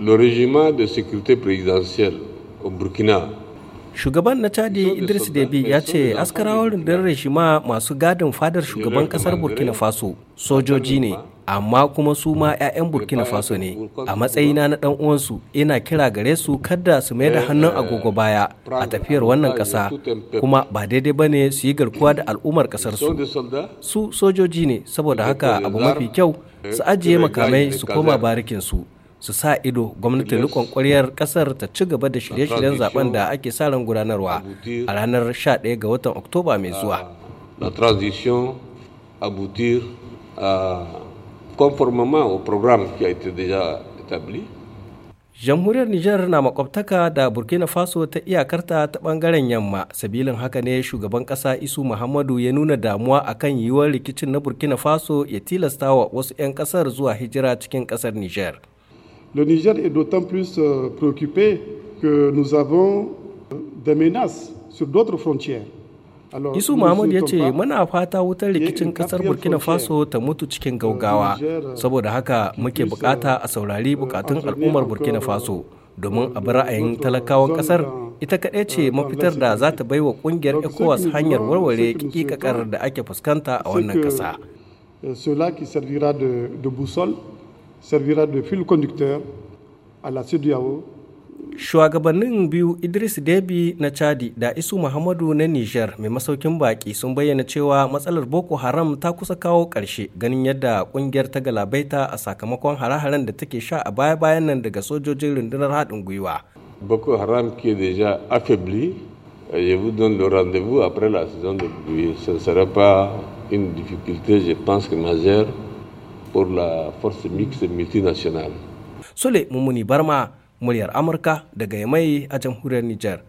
le régime de sécurité présidentielle au Burkina. Shugaban na Chadi Idris Deby ya ce askarawar rundunar rejima masu gadin fadar shugaban kasar Burkina Faso sojoji ne amma kuma su ma 'ya'yan Burkina Faso ne a matsayina na dan uwansu ina kira gare su kada su mai da eh, hannun eh, agogo baya a tafiyar wannan kasa kuma ba daidai bane su yi garkuwa da al'ummar kasar su su sojoji ne saboda haka abu mafi kyau su eh, ajiye makamai su koma barikin su su sa ido gwamnatin rikon kwaryar kasar ta ci gaba da shirye-shiryen zaben da ake sa ran gudanarwa a ranar 11 ga watan oktoba mai ah, zuwa ah, jamhuriyar nijar na makwabtaka da burkina faso ta iyakarta ta bangaren yamma sabilin haka ne shugaban ƙasa isu muhammadu ya nuna damuwa akan yiwuwar rikicin na burkina faso ya tilasta wa wasu 'yan ƙasar zuwa hijira cikin ƙasar nijar Le Niger est d'autant plus euh, préoccupé que nous avons euh, des menaces sur d'autres frontières. Isu muhammad ya ce muna fata wutar rikicin kasar Burkina Faso ta mutu cikin euh, gaugawa saboda haka muke bukata a saurari bukatun al'ummar Burkina Faso domin a bi ra'ayin talakawan kasar ita kaɗai ce mafitar da za ta baiwa kungiyar ECOWAS hanyar warware kikikakar da ake fuskanta a wannan kasa. servira de fil conducteur à la CEDEAO. Shugabannin biyu Idris Debi na Chadi da Isu Muhammadu na niger mai masaukin baki sun bayyana cewa matsalar Boko Haram ta kusa kawo ƙarshe ganin yadda kungiyar ta galabaita a sakamakon hare-haren da take sha a baya-bayan nan daga sojojin rundunar haɗin gwiwa. Boko Haram ke deja affaibli, je vous donne le rendez-vous après la saison de pluie. Ce ne sera pas une difficulté, je pense, que majeure pour la force mixte multinationale. Sule mumuni Barma, muryar Amurka daga Yamai a jamhuriyar Nijar.